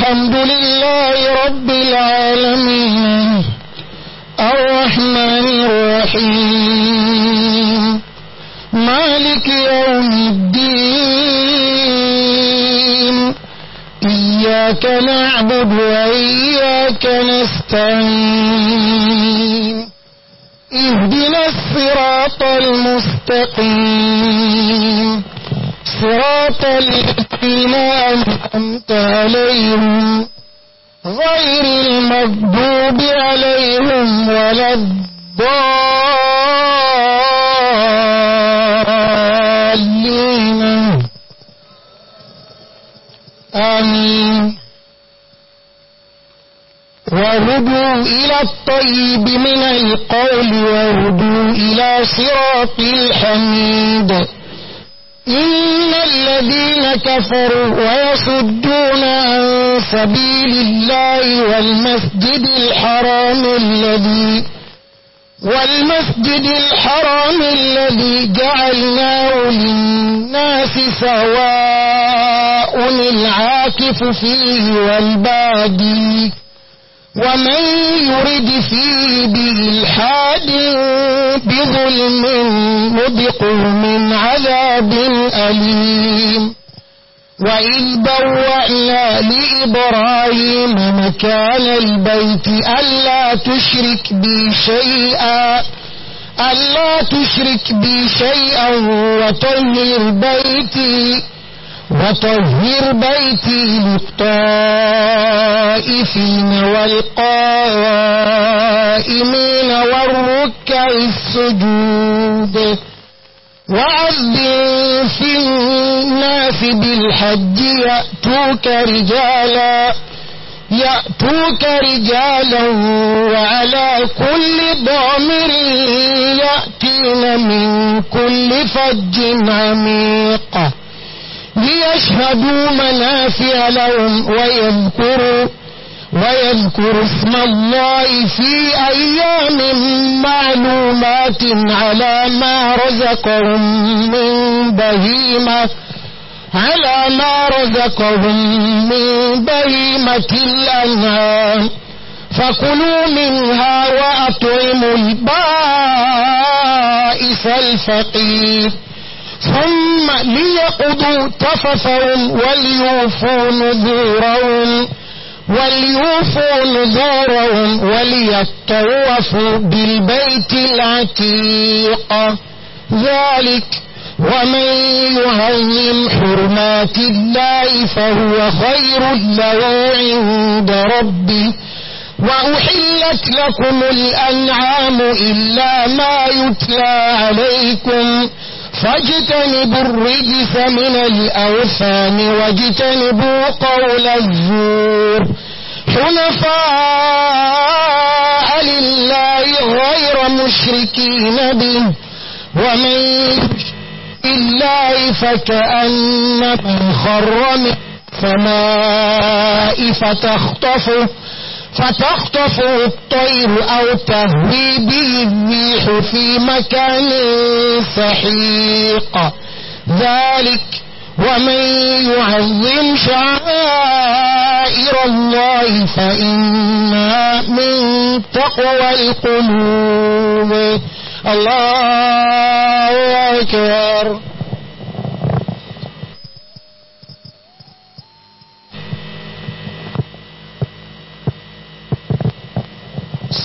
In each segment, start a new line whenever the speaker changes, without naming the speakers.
الحمد لله رب العالمين الرحمن الرحيم مالك يوم الدين إياك نعبد وإياك نستعين اهدنا الصراط المستقيم صراط الذين الذين أنعمت عليهم غير المغضوب عليهم ولا الضالين آمين وهدوا إلى الطيب من القول وهدوا إلى صراط الحمد إن الذين كفروا ويصدون عن سبيل الله والمسجد الحرام الذي والمسجد الحرام الذي جعلناه للناس سواء العاكف فيه والبادي
ومن يرد
فيه بإلحاد بظلم نذقه من عذاب أليم وإذ بوأنا لإبراهيم مكان البيت ألا تشرك بي شيئا ألا تشرك بي شيئا وطهر بيتي وطهر بيتي للطائفين والقائمين والركع السجود وأذن في الناس بالحج يأتوك رجالا يأتوك رجالا وعلى كل ضامر يأتين من كل فج عميق ليشهدوا منافع لهم ويذكروا ويذكر اسم الله في أيام معلومات على ما رزقهم من بهيمة على ما رزقهم من بهيمة الأنعام فكلوا منها وأطعموا البائس الفقير ثم ليقضوا تففهم وليوفوا نذورهم وليوفوا نذورهم وليطوفوا بالبيت العتيق ذلك ومن يهيم حرمات الله فهو خير له عند ربه وأحلت لكم الأنعام إلا ما يتلى عليكم فاجتنبوا الرجس من الأوثان واجتنبوا قول الزور حنفاء لله غير مشركين به ومن الله فكأنما خر من السماء فتخطفه فتخطفه الطير أو تهوي به الريح في مكان سحيق ذلك ومن يعظم شعائر الله فإنها من تقوى القلوب الله أكبر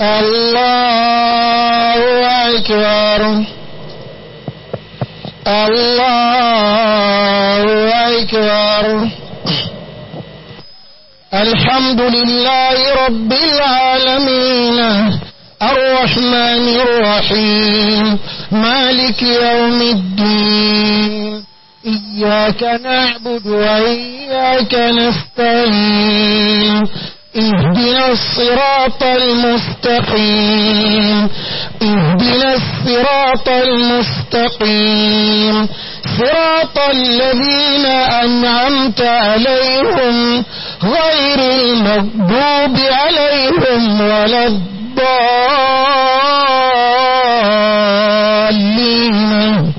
الله أكبر الله أكبر الحمد لله رب العالمين الرحمن الرحيم مالك يوم الدين إياك نعبد وإياك نستعين اهدنا الصراط المستقيم اهدنا الصراط المستقيم صراط الذين أنعمت عليهم غير المغضوب عليهم ولا الضالين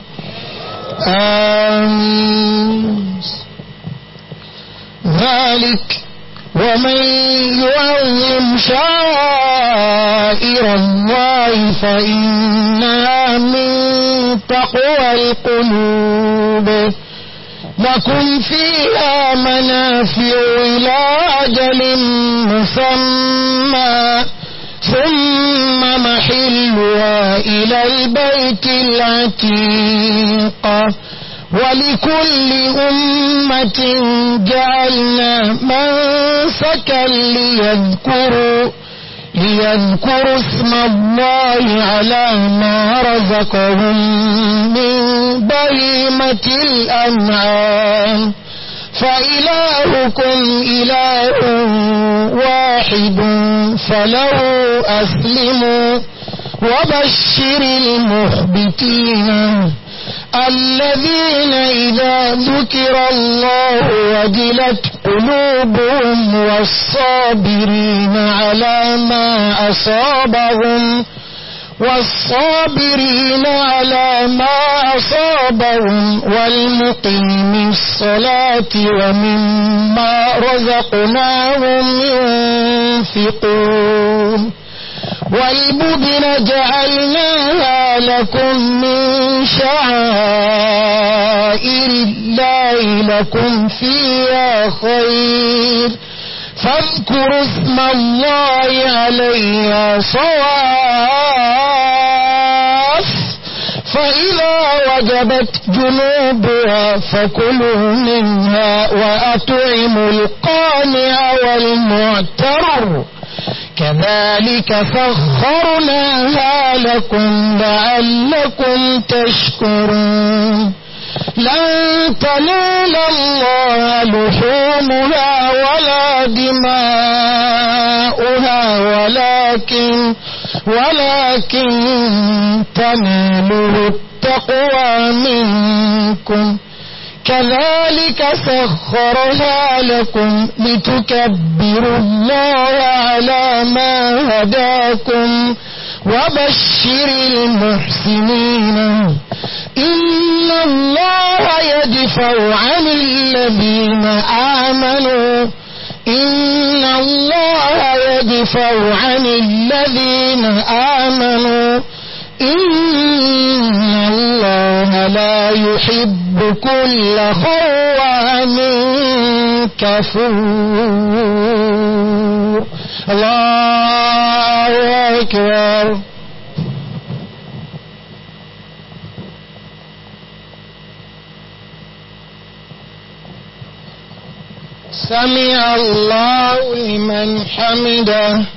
آمين ذلك ومن يعظم شائر الله فإنها من تقوى القلوب لكم فيها منافع إلى أجل مسمى ثم محلها إلى البيت العتيق ولكل أمة جعلنا منسكا ليذكروا ليذكروا اسم الله على ما رزقهم من بهيمة الأنعام فإلهكم إله واحد فله أسلموا وبشر المخبتين الذين إذا ذكر الله وجلت قلوبهم والصابرين على ما أصابهم والصابرين على ما أصابهم والمقيم الصلاة ومما رزقناهم ينفقون والبدن جعلناها لكم من شعائر الله لكم فيها خير فاذكروا اسم الله عليها صواف فإذا وجبت جنوبها فكلوا منها وأطعموا القانع والمعتر كذلك فخرناها لكم لعلكم تشكرون لن تنال الله لحومها ولا دماؤها ولكن ولكن تناله التقوى منكم كذلك سخرها لكم لتكبروا الله على ما هداكم وبشر المحسنين إن الله يدفع عن الذين آمنوا إن الله يدفع عن الذين آمنوا إن الله لا يحب كل خوان كفور الله أكبر سمع الله لمن حمده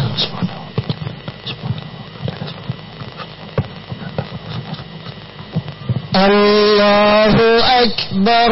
Akbar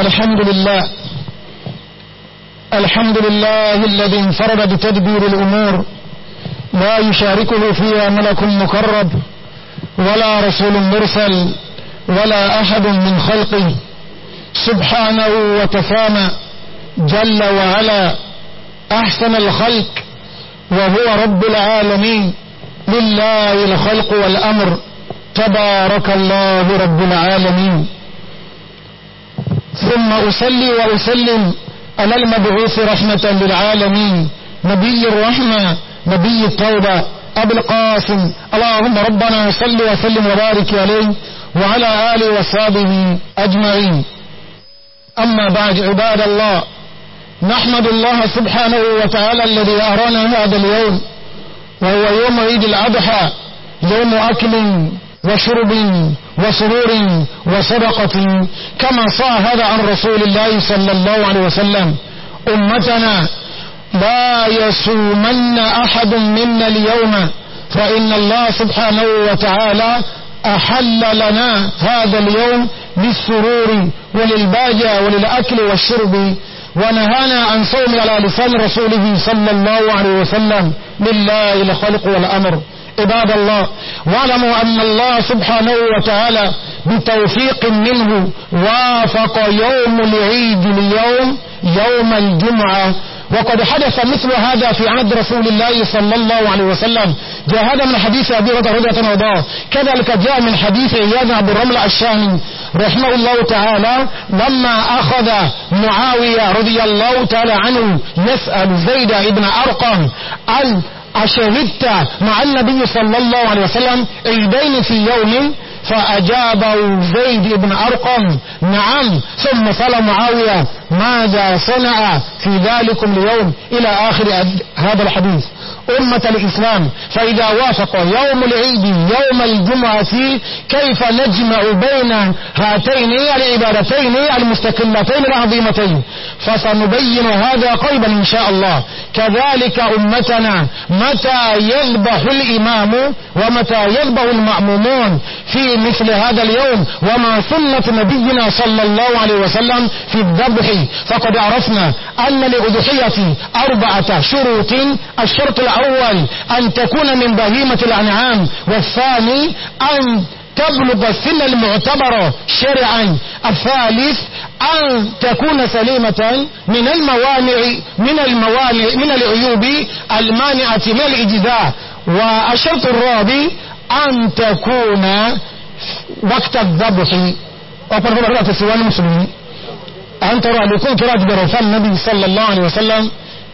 الحمد لله الحمد لله الذي انفرد بتدبير الأمور لا يشاركه فيها ملك مقرب ولا رسول مرسل ولا أحد من خلقه سبحانه وتفانى جل وعلا أحسن الخلق وهو رب العالمين لله الخلق والأمر تبارك الله رب العالمين ثم أصلي وأسلم على المبعوث رحمة للعالمين نبي الرحمة نبي التوبة أبو القاسم اللهم ربنا صل وسلم وبارك عليه وعلى آله وصحبه أجمعين أما بعد عباد الله نحمد الله سبحانه وتعالى الذي أرانا هذا اليوم وهو يوم عيد الأضحى يوم أكل وشرب وسرور وصدقة كما صاع هذا عن رسول الله صلى الله عليه وسلم أمتنا لا يصومن أحد منا اليوم فإن الله سبحانه وتعالى أحل لنا هذا اليوم بالسرور وللباجة وللأكل والشرب ونهانا عن صوم على لسان رسوله صلى الله عليه وسلم لله الخلق والأمر عباد الله واعلموا أن الله سبحانه وتعالى بتوفيق منه وافق يوم العيد اليوم يوم الجمعة وقد حدث مثل هذا في عهد رسول الله صلى الله عليه وسلم جاء هذا من حديث أبي هريرة رضي الله عنه كذلك جاء من حديث عياذ بن الرمل الشامي رحمه الله تعالى لما أخذ معاوية رضي الله تعالى عنه يسأل زيد بن أرقم أن أشهدت مع النبي صلى الله عليه وسلم عيدين في يوم فأجاب زيد بن أرقم نعم ثم صلى معاوية ماذا صنع في ذلك اليوم إلى آخر هذا الحديث أمة الإسلام فإذا وافق يوم العيد يوم الجمعة كيف نجمع بين هاتين العبادتين المستقلتين العظيمتين فسنبين هذا قريبا إن شاء الله كذلك أمتنا متى يذبح الإمام ومتى يذبح المأمومون في مثل هذا اليوم وما سنة نبينا صلى الله عليه وسلم في الذبح فقد عرفنا أن لأضحية أربعة شروط الشرط الأول الأول أن تكون من بهيمة الأنعام والثاني أن تبلغ السن المعتبرة شرعا الثالث أن تكون سليمة من الموانع من الموانع من العيوب المانعة من الإجزاء والشرط الرابع أن تكون وقت الذبح أقول لك تسوى المسلمين أن ترى لكم كراج برفان النبي صلى الله عليه وسلم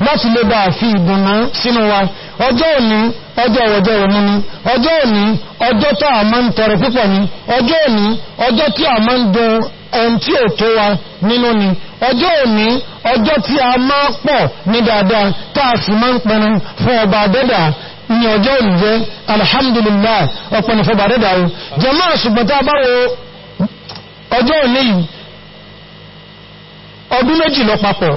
láti lè bá fi ìdùnnú sínú wa ọjọ́ òní ọjọ́ ọjọ́ òní ni ọjọ́ òní ọjọ́ tó ma ń tọrọ púpọ̀ ni ọjọ́ òní ọjọ́ tí a máa ń dùn ohun tí ò tó wa nínú ni ọjọ́ òní ọjọ́ tí a máa pọ̀ ní dáadáa tá a sì máa ń pẹnu ọba dẹ́dà ní ọjọ́ alhamdulillah fọba o ọjọ́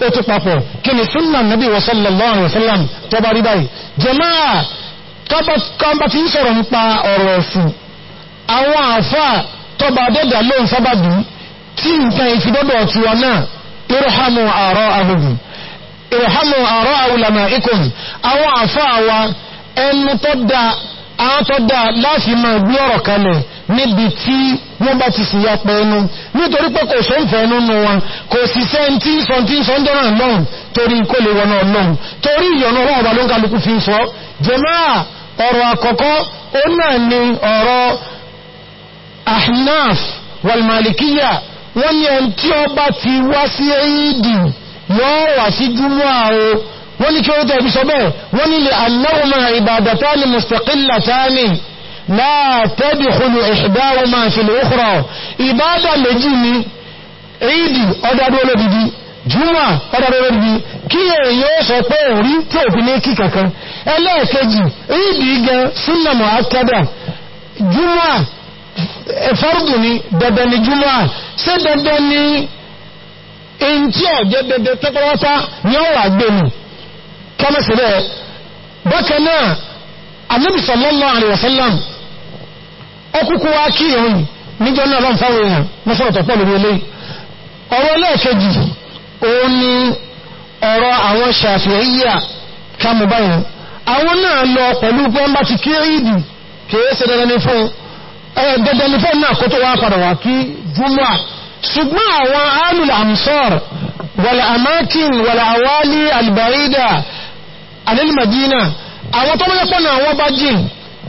ó tó papọ̀ kí ni súnnà nàbí sallallahu alaihi wasallam tó bá rí báyìí jẹmáà kọmbà tí ń sọ̀rọ̀ nípa ọ̀rọ̀ ẹ̀sùn àwọn àfáà tó bá dẹ́dà ló ń sábàdù tí nǹkan ìfidọ́dọ̀ ti wọn náà irhamu àrọ́ ahùgùn irhamu àrọ́ àwùlàmà níbi tí wọ́n bá ti síyá pẹ̀ ẹnu nítorí pé kò sọ ń fẹ́ ẹnu nù wọn kò sì sẹ́ ń tí sọ tí sọ ń dọ́nà lọ́rùn torí kó lè wọ́n náà lọ́rùn torí ìyọ̀nà ọ̀rọ̀ ọ̀bà ló ń kálukú fi sọ jẹmáà ni kí ó tẹ̀bí sọ bẹ́ẹ̀ wọ́n ní lè annáwọ̀mọ̀ ìbàdàtà ni mustaqillatani لا تدخل إحداهما في الأخرى إبادة لجيني عيدي أدادو لديدي júmà ọdọ́dọ́dọ́ bí kí èyí ó sọ pé orí tí òfin ní kí kankan ẹlẹ́ẹ̀kejì ìdí gan súnnà mọ̀ akẹ́dà júmà ẹ̀fọ́rùdù eh, ni dandan ni júmà ṣe dandan ni èyí tí ọ̀jẹ́ dandan tẹ́kọ́wọ́ta ni sallallahu alaihi wasallam ọkùnkù wá kí ìrìn níjọ́ náà lọ́n fáwọn èèyàn mọ́sọ̀rọ̀tọ̀ pọ̀ lórí ilé ọ̀rọ̀ lẹ́ẹ̀kejì ó ní ọ̀rọ̀ àwọn ṣàfihíyà kamubáyìn àwọn náà lọ pẹ̀lú pẹ́mbà ti kí ìdì kèése àwọn tó mọ́lẹ́pọ̀ náà wọ́n bá jìn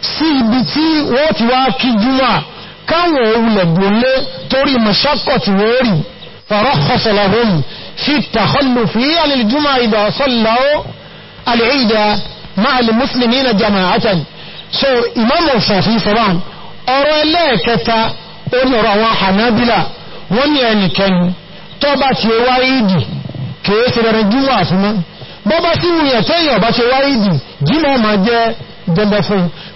sí ibi tí wọ́n ti wá kí júmọ́ káwọn òwúlẹ̀ gbòlé torí mọ̀ṣọ́kọ̀ tí wọ́n rí fọ̀rọ̀kọ̀sọ̀lọ́hùn fi tàkọlù fi alìjúmọ́ ìdà ọ̀sọ́lọ́wọ́ máa lè mùsùlùmí na jama'atan so imamu shafi saban ọ̀rọ̀ ẹlẹ́ẹ̀kẹta onírọ̀ àwọn hanabila wọ́n ni ẹnikẹni tó bá ti wá ìdì kìí sí rẹ̀rẹ̀ júmọ́ àfúnmọ́ jẹ́ dandan fún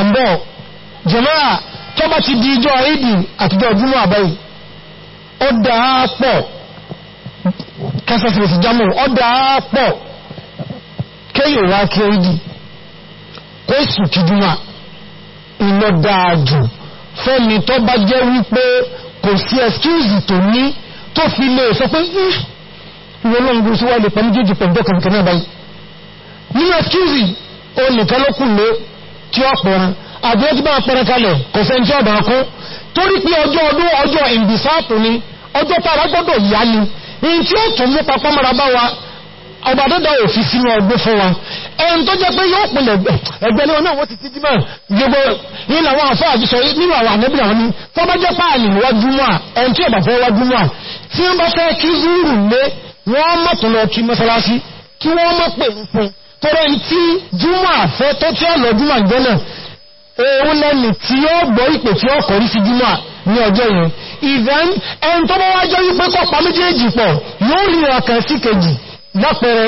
àmbọ̀ jẹmọ́ra tó bá ti di ijọ́ ìdì àtijọ́ ìjúmọ́ àbáyì ó dáa pọ̀ kẹsẹsẹsẹ jámù ó dáa pọ̀ kéyìn wá kí ìdì kó sù kí júmọ́ ìlọ dáadù fẹ́ni tó bá jẹ́ wípé kò sí ẹ̀skúùsì tó ní tó fi lè sọ pé ìwọ̀n náà báyìí nínú ẹ̀skúùsì ó tí ó pẹ̀rán àjẹ́ tí bá pẹ̀rán kalẹ̀ kò fẹ́ tí ọ̀bà kú torí pé ọjọ́ ọdún ọjọ́ ìbìsáàtù ni ọjọ́ tààrà gbọ́dọ̀ yá ni in tí ó tún mú papọ̀ mara bá wa ọba dọ́dá òfin sínú ọgbẹ́ fún wa ẹn tó jẹ́ pé yóò pìnlẹ̀ ẹgbẹ́ ní ọ̀nà wọ́n ti títí mọ́ gbogbo yìí làwọn àfọ́ àjíṣọ́ nínú àwọn ànẹ́bìnà wọn ni tó bá jẹ́ páàlì wájú ẹn tí ọ̀bà fẹ́ tí wọ́n bá fẹ́ kí zúrù lé wọ́n mọ́tún lọ kí mọ́sálásí kí wọ́n mọ́ pè ń fún tọ́rọ tí júmọ́ àfẹ́ tó tí ọ̀nà júmọ́ ìjọ́nà òun lẹ́nì tí ó gbọ́ ìpè tí ó kọ̀rí sí júmọ́ ní ọjọ́ yẹn ìdán ẹn tó bá wá jọ wípé kọpa méjèèjì pọ̀ yóò rí ọkàn sí kejì lápẹẹrẹ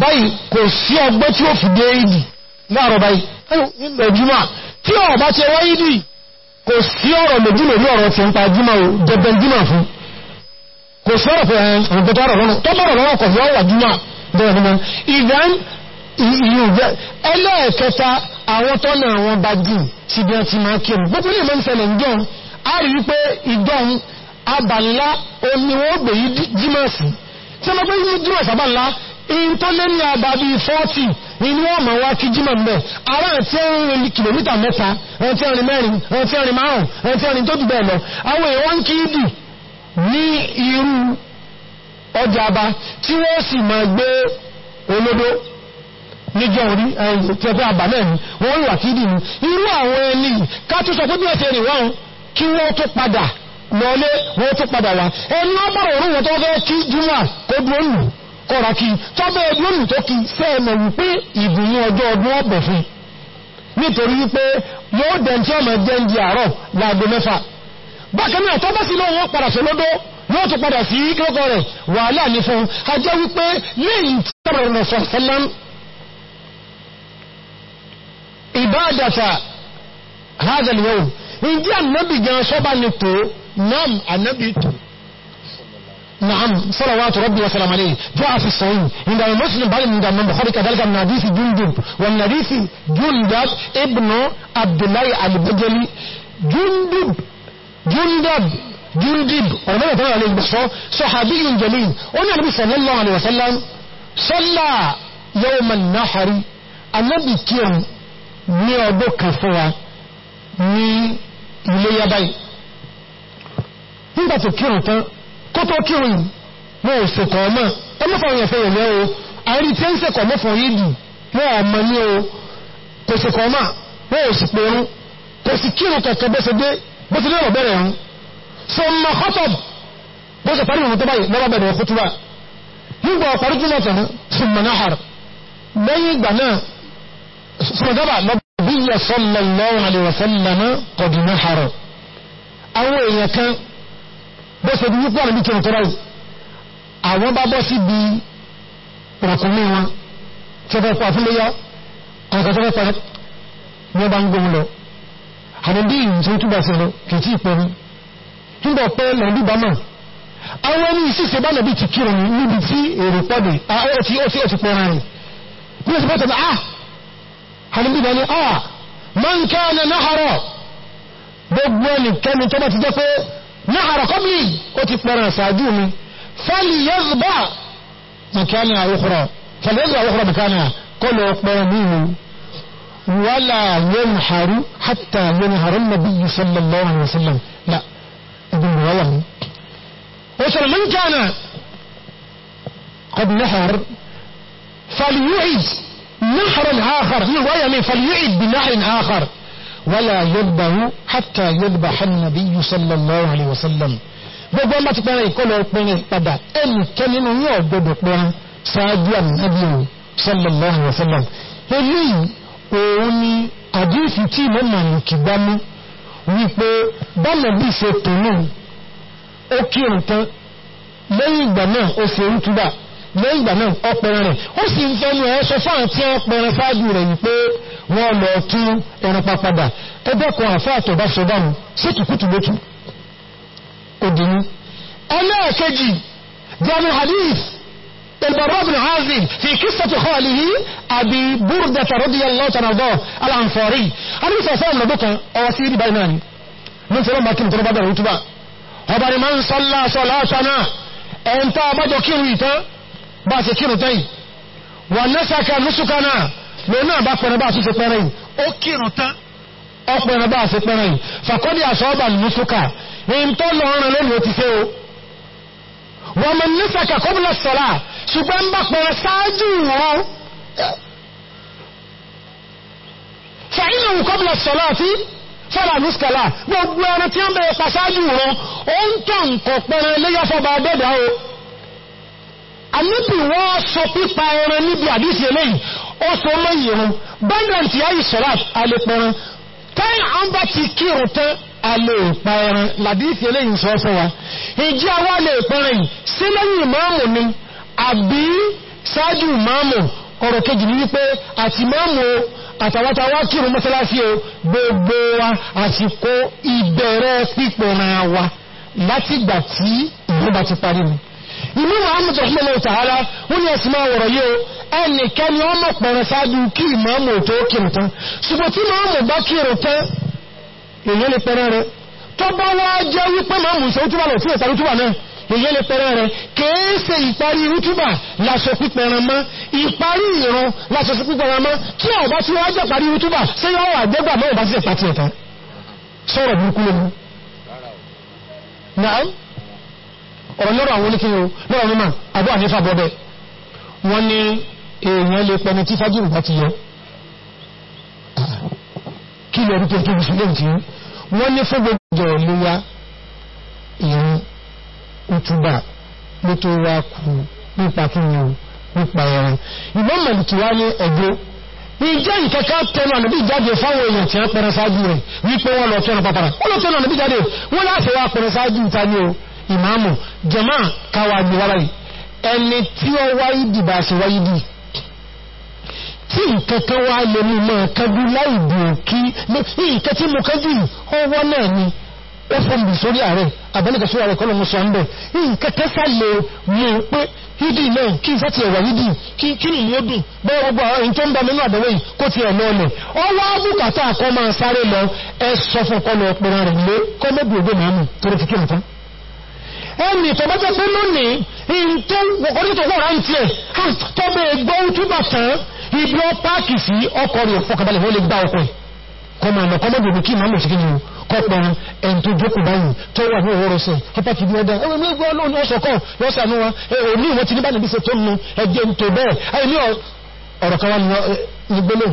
báyìí kò sí ọgbẹ́ tí ó fi dé ìdì láàrọ̀ báyìí tí ó bá ti wá ìdì kò sí ẹlẹ́ẹ̀kẹta àwọn tọ́nà àwọn bá jù sí bí ọtí máa kí ọmọ gbogbo ní ìmọ̀ ìṣẹ̀lẹ̀ ìjọun a rí wípé ìjọun abànlá omi wọ́n gbè yí jímọ̀sì tí wọ́n gbé yí jímọ̀sì abànlá in tó lé ní àbá bí 40 inú ọmọ wá kí jímọ̀ mẹ́ ara àti ẹ̀rin kìlómítà mẹ́ta àti ẹ̀rin mẹ́rin àti ẹ̀rin márùn àti ẹ̀rin tó dùgbẹ̀ lọ àwọn èèwọ́n kí ìdì ní irú ọjà abá tí wọ́n sì máa gbé olódó níjọ́ orí ẹgbẹ́ àbàmẹ́ ni wọ́n wà kí dìní irú àwọn ẹni kátó sọ pé bí ọ̀tẹ̀ rìn wọ́n kí wọ́n tó padà lọlé wọ́n tó padà wá ẹni wọ́n bọ̀rọ̀ orú wọn tó fẹ́ kí júmà kó dúró nù kọ́ra kí tọ́bẹ̀ dúró nù tó kí sẹ́ẹ̀mẹ̀ wípé ìbùnú ọjọ́ ọdún ọ̀bọ̀ fún nítorí wípé yóò dẹ̀ tí ọmọ jẹ́ ń di àárọ̀ láago mẹ́fà tó padà sí kílọ́kọ̀ rẹ̀ wàhálà ní fún ajẹ́ wípé lẹ́yìn tí ọ̀rọ̀ ìbádàtà هذا اليوم ǹjẹ́ ànábì gan sọ́bà ní tó nam ànábì tó نعم صلوات ربي وسلام عليه جاء في الصحيح عند المسلم بل عند من بخاري كذلك من حديث جندب والحديث جندب ابن عبد الله البجلي جندب جندب جندب وما يتبع عليه بصر صحابي جليل قلنا النبي صلى الله عليه وسلم صلى يوم النحر النبي كيرم ní ọdún kan fún wa ní ilé yábáyì nígbàtí kírùn tán kó tó kírùn yìí wọ́n ò sèkọ̀ ọmọ ẹmọ́fà òyìn ẹ̀fẹ́ ìrẹ́ o àrí tí ń sèkọ̀ mọ́fà yìí dù wọ́n ọmọ ní o kò sèkọ̀ ọmọ wọ́n ò sì pẹ̀rún kò sì kírùn kẹ̀kẹ́ bẹ́sẹ̀ dé ṣùgbọ́n Nabiyyu sallallahu alaihi wa sallam qad nahara àwọn èèyàn kan bó ṣe bí wípọ̀ níbi kìrìtọ́ ráì àwọn bá bọ́ sí bí rọ̀kùnmí wọn tí ó pọ̀ fúnléyá ọ̀kọ̀tọ́rọ̀ pẹ̀lẹ́ ní ọba ń gbóhùn lọ àdúgbì tí ó túbà sẹ́lọ kì tí ìpẹ́ ní nígbọ̀ pẹ́ lọ́dún bá mọ̀ àwọn ní ìsìsẹ́ bá kọ́ni bí bẹni ah man kana náhàrọ̀ gbogbo ẹnikẹ́ni tó bá ti jẹ́ pé náhàrọ̀ kọ́blì ó ti pẹ̀rẹ̀ ṣáájú mi fẹ́lì yẹ́zùbá mọ̀kánà àwòkúrọ̀ fẹ́lì yẹ́zùbá àwòkúrọ̀ mọ̀kánà kọ́ lọ pẹ̀rẹ̀ mímu wala yanharu hatta yanharu nabiyyu sallallahu alaihi wasallam la ibn walam ó sọ man kana qad nahar fali yu'id نهر آخر في رواية من فليعد بنهر آخر ولا يذبح حتى يذبح النبي صلى الله عليه وسلم gbogbo ọmọ ti pẹ̀rẹ̀ ìkọlọ̀ ọpẹ̀rẹ̀ padà ẹnìkẹ́ nínú ní ọ̀gbọ̀dọ̀ pẹ̀rẹ̀ sáájú àmìnàbíò sallallahu alaihi wasallam eléyìí òun ni àdífì tí ìmọ̀ màlùkì gbá mú wípé bánàbí ṣe tòun ó kírùn tán lẹ́yìn ìgbà náà ó ṣe ń túbà lẹ́yìn ìgbà náà ọpẹran rẹ̀ ó sì ń fẹ́ mú ẹ sọ fún àti ọpẹran sáájú rẹ̀ wípé wọ́n lọ tún ẹran papadà ẹgbẹ́kùn àfáàtọ̀ bá ṣe dánù sí kìkútù lótú òdìní ẹlẹ́ẹ̀kejì في قصة خاله أبي بردة رضي الله عنه الأنصاري أنا سأسأل لبك أواسير بيناني من سلام باكين تربادر وطبع ọba ni ma ń sọ́lá sọ́lá sọ́nà ẹ̀ntà ọbájọ kírù ìtàn bá ṣe kírùn tẹ́yìn wà nẹ́sàkà lóṣùká náà lò náà bá pẹ̀rẹ̀ bá ṣe pẹ̀rẹ̀ yìí ó kírùn tán ọpẹ̀rẹ̀ bá ṣe pẹ̀rẹ̀ yìí fàkọ́dí àṣọ́ọ̀bà lóṣùká ní tó o gbogbo tí ń bẹ̀rẹ̀ pàṣáájú wọn ó ń tọ́ nǹkan pẹ̀rẹ̀ o Ànábì wọ́n sọ pípa ẹran níbi àdísì eléyìí ó sọ mọ́ ìrun bẹ́ndàn tí yáyì sọ́lát alẹ́pẹran tẹ́yìn àwọn bá ti kírun tán alẹ́ ìpa ẹran làdísì eléyìí sọ fún wa ìjẹ́ àwọn alẹ́ ìpẹran yìí sí ni àbí ṣáájú ìmáàmù ọ̀rọ̀ kejì ní wípé àti ìmáàmù àtàwátà wá kírun mọ́sálásí o wa àsìkò ìbẹ̀rẹ̀ pípẹ̀ràn wa látìgbà tí ìgbọ́n ìmú Muhammad rahimahullahu ta'ala wọ́n ni ẹ̀sìn máa wọ̀rọ̀ yóò ẹnìkẹ́ni ọmọ pẹ̀rẹ̀ sáájú kí ìmọ̀ọ́mù tó kìrì tán ṣùgbọ́n tí mọ̀ọ́mù bá kìrì tán èyí lè pẹ̀rẹ̀ rẹ̀ tó bá wá jẹ́ wípé mọ̀ọ́mù ṣe útúbà lọ sí ẹ̀sà útúbà náà èyí lè pẹ̀rẹ̀ rẹ̀ kèése ìparí útúbà lásọ pípẹ̀rẹ̀ mọ́ ìparí ìran lásọ pípẹ̀rẹ̀ mọ́ tí ọ̀bá tí wọ́n ọ̀rọ̀lọ́rọ̀ àwọn oníkíyàn lọ́rọ̀ mímọ̀ àbọ́ ànífà bọ́bẹ̀ wọ́n ní èèyàn lè pẹni tí fájìrì bá ti yọ kí lọ rí pẹ̀lú ìṣẹ́lẹ̀ tí wọ́n ní fún gbogbo ìlúwa ìrún ìtúbà ló tó wá kú nípa kíni nípa ẹran ìbọn mẹ́lìkì wá ní ẹgbẹ́ ìjẹ́ ìkẹ́kẹ́ tẹnu ànàbí jáde fáwọn èèyàn tí wọ́n pẹ̀rẹ̀ sáájú rẹ̀ wípé wọ́n lọ tẹnu pàpàrà wọ́n lọ tẹnu ànàbí jáde wọ́n láti wá pẹ̀rẹ̀ sáájú ìta ìmáàmù jẹmọ́ káwà gbìwárà yìí ẹni tí ó wáyé dìbà sí wáyé dì tí nkankan wá lè mú mọ́ kẹbú láì bù kí nkan tí mo kẹjú ọwọ́ náà ni ó fún mi sórí ààrẹ àbẹ́lẹ̀kẹ́ sórí ààrẹ kọ́lọ̀ mú sọ ń bẹ̀ nkan kẹsà lè mú pé hídì náà kí n sátì ẹ̀wà hídì kí ni ó dùn bẹ́ẹ̀ gbogbo àwọn èyí tó ń ẹni tó bá jẹ́ pé lónìí in tó wọ̀kọ́rí tó wọ́n rántí ẹ̀ tó bẹ́ gbọ́ túbà tán ibi ọ páàkì sí ọkọ̀ rẹ̀ fọkàbalẹ̀ wọ́n lè gbá ọkọ̀ kọmọ ọ̀nà kọmọdùnú kí máa mọ̀ sí kíni kọpọ̀ ẹn tó jókù báyìí tó wà ní wa òní ìwọ̀n ti ní bánàbí se tó mú ẹgbẹ́ ń tó bẹ́ẹ̀ ayé ní ọ̀rọ̀ kan gbogbo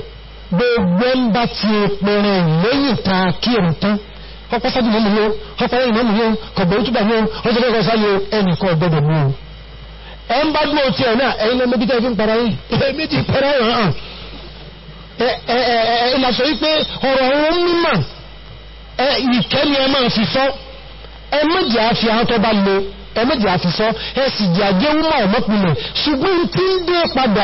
ń bá ti pẹ̀rẹ̀ lẹ́yìn ta kí ẹ̀ tán ọpọ́ sájú mọ́mù yóò ọpọ́ ẹ̀yìn mọ́mù yóò kọ̀bọ̀ òtúbà yóò ọjọ́ fẹ́ ọ̀sá yóò o ẹ ń bá dúró tí para yìí méjì para yìí hàn ìlàsọ wípé ọ̀rọ̀ ohun mímọ̀ ìkẹ́ni ẹ máa fi sọ ẹ méjì á fi ahọ́n tó bá lo ẹ méjì á fi sọ ẹ sì jẹ́ àjẹ́wúmọ̀ ọ̀mọ́pìnlẹ̀ ṣùgbọ́n tí ń dé padà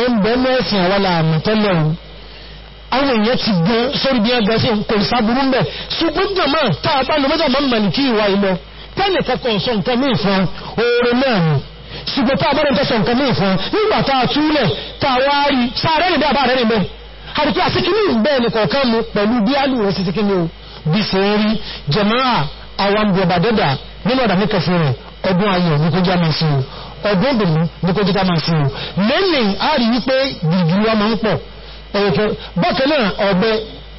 in bẹ̀rẹ̀ ẹ̀sìn àwọn àmàtọ́lọ̀run àwọn èèyàn ti gan sórí bí ẹgbẹ́ sí kò sáburú mẹ́ ṣùgbọ́n jọmọ́ tààbá lọ mẹ́jọ mọ́mọ̀ ní kí ìwà ìlọ tẹ́lẹ̀ kọkàn sọ nǹkan ní ìfọn oore náà ni ṣùgbọ́n tààbá lọ́jọ́ sọ nǹkan ní ìfọn nígbà tàà túlẹ̀ tàwárí sáré nìbẹ́ àbá rẹ̀ nìbẹ́ àdìpé àsìkíní ìbẹ́ ní kọ̀ọ̀kan mu pẹ̀lú bí á lùwẹ̀ ọdún ayọ̀ ní kó jámẹ́ sí ọdún ní kó jíká máa sí o lẹ́nìí a rí wípé gbìgbìrì wa máa ń pọ̀ ẹ̀ẹ̀kẹ́ bákan náà ọ̀bẹ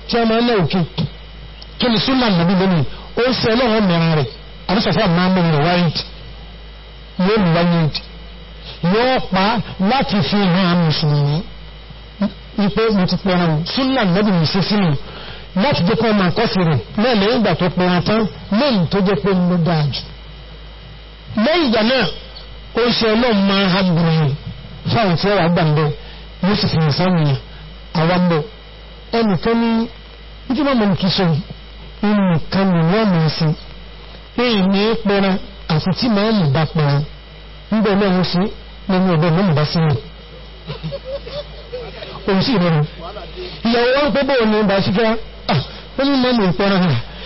tí a máa ń lẹ́òkè kí ni súnmà nàbí lónìí ó ń sẹ lọ́wọ́ mẹ́rin rẹ̀ àrísàfà máa mẹ́rin rẹ̀ wáyìntì yóò lù wáyìntì yóò pa láti fi hàn mùsùlùmí wípé mo ti pẹ̀rẹ̀ súnmà lẹ́yìn ìgbà náà ó ṣe ọlọ́run máa ha gbùrù fáwọn tí ó wà gbàǹdẹ̀ yóò sì fìyàn sáwìyàn àwàmbẹ̀ ẹnì kan ní ìdí mọ́mọ́ kì í sọ inú kan lè ní ọmọ ẹ̀sìn èyí ní ìyàwó wọn pẹ́ ní ìbá ah ó ní mọ́mọ́ ìpẹran hàn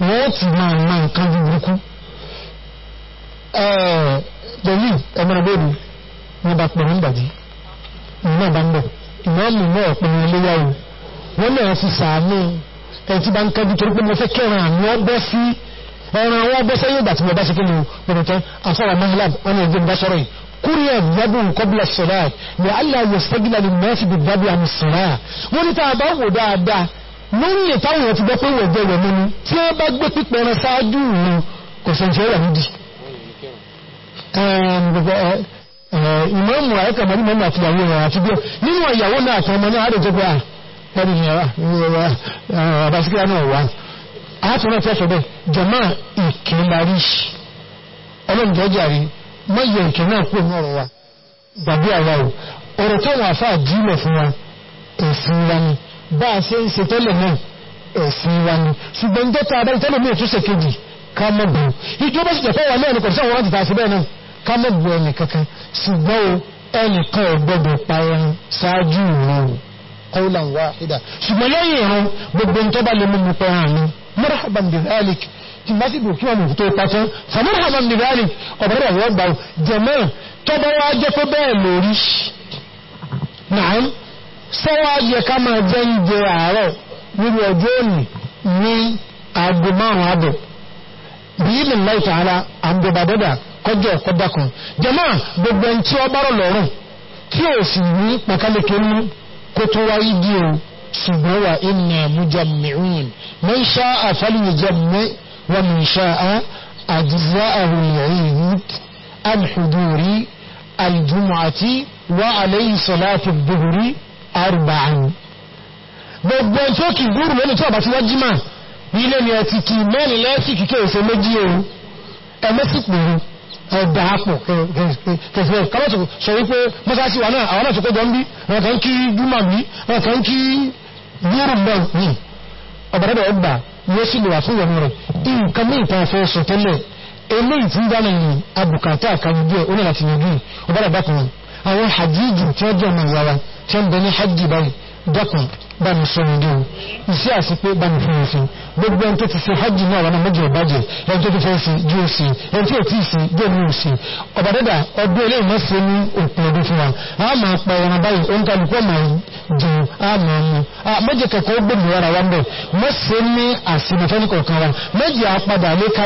wọ́n ti máa ma nǹkan bí burúkú pẹ̀lú ẹmọ́rẹ́bẹ̀rẹ̀ ní bá pẹ̀lú ìgbàjí ìmọ̀ bá ń bọ̀ ìmọ̀ọ̀mù náà pẹ̀lú iléyàwó wọ́n náà fi sàánú ẹ̀ tí bá ń kẹ́bí torí pé mo fẹ́ kẹran àwọn ọgbẹ́ sí ẹran àwọn ọgbẹ́ sẹ́yìn ìgbà tí mo bá sí kí mo bẹ̀rẹ̀ tán afọ́ra mahalam wọn ni ìgbà sọ́rọ̀ yìí kúrìyà yabun kọ́bílà sọ́rọ̀ yìí ni aláyọ̀ sẹ́gílà ni mẹ́fì bí dábì àmì sọ́rọ̀ wọ́n ní tá a bá wò dáadáa lórí ìtàwọn èèyàn ti gbọ́ pé wọ̀ gbẹ̀rẹ̀ mú ní tí ó bá gbé pípẹ̀ ẹran sáájú ìrìn kò sọ jẹ́ ẹ̀rọ nídì ìmọ̀mù àẹ́kàmọ̀ nínú àti ìyàwó rẹ̀ àti bí nínú ìyàwó náà àti ọmọ náà àdẹ̀jẹ́ pé pẹ̀lú àbásíkíra náà wà áàtùnà tẹ́fẹ̀ bẹ́ jẹmọ́ ìkìlárí ọlọ́njẹ́jàrí mọ́yẹ bá a ṣe ń se tẹ́lẹ̀ náà ẹ̀sìn wa ni ṣùgbọ́n tó tàbí tẹ́lẹ̀ mí ìtúnṣe kejì ká mọ́ bù ìjọ bá sì jẹ́ fẹ́wà náà ní kọ̀dí sáwọn láti tàṣí bẹ́ẹ̀ náà ká mọ́ bù ẹnì kankan ṣùgbọ́n ẹnìkan ọ̀gbọ́dọ̀ pa ẹran ṣáájú ìrìn qawlan wahida ṣùgbọ́n lẹ́yìn ìrún gbogbo tó bá lè mú pẹ́ hàn ní marhaban bi dhalik tí bá sì bù kí wọn tó pàtó fa marhaban bi dhalik ọ̀bọ̀ rẹ̀ wọ́n gbà jẹ̀mọ́ tó bá wá jẹ́ pé bẹ́ẹ̀ lórí náà sọ́wọ́ ayẹ ká máa jẹ ìjẹ àárọ̀ nínú ọjọ́ òní ní aago márùn-ún àbọ̀ bí ilẹ̀ láìta ara àgbẹ̀bàdọ́dà kọjọ ọ̀kọ́dàkan jẹmọ́ gbogbo ẹn tí ó bárọ̀ lọ́rùn tí ó sì ní pàkálẹ̀kẹ́ mú kó tó wá igi o ṣùgbọ́n wà inna mujammi'un man sha'a falyujammi' wa man sha'a ajza'ahu al-'eid an huduri al-jum'ati wa alayhi salatu adh-dhuhri arba'an gbogbo tí ó kì gúrù lónìí tí ọ̀bá ti wọ́n jímà ilé ni ẹ̀tì kì mẹ́rin lẹ́ẹ̀sì kíkẹ́ èsẹ méjì ewu ẹmẹ́sì pèrú ẹ̀dà àpọ̀ kẹfẹ́ kọlọ́tù sọ wípé mọ́sáàsì wà náà àwọn àtòkọ́ jọm bí rọ̀kan kí júmà bí rọ̀kan kí gúrù mẹ́ ní ọ̀bẹ̀rẹ̀bẹ̀ ọgbà yóò sì lùwà fún ìyọ̀nù rẹ̀ nǹkan ní ìtàn fẹ́ sọ tẹ́lẹ̀ eléyìí tí ń bẹ ní hajji báyìí dẹ́kùn bá ní fún ìdí o iṣẹ́ àsìpé bá ní fún ìfin gbogbo ẹn tó ti ṣe hajji náà wọn mẹ́jọ ìbájẹ̀ ẹn tó ti fẹ́ sí jí ó sí ẹn tí ò tí sí jẹ́ ní òsì ọba dẹ́dà ọdún ilé ìmọ́sí ní òpin ọdún fún wa a máa pa ẹran báyìí ó ń kálukú ọmọ jẹun a máa mú mẹ́jẹ kẹ̀kọ́ ó gbẹ̀mù rárá wa ń bẹ̀ mọ́sí ní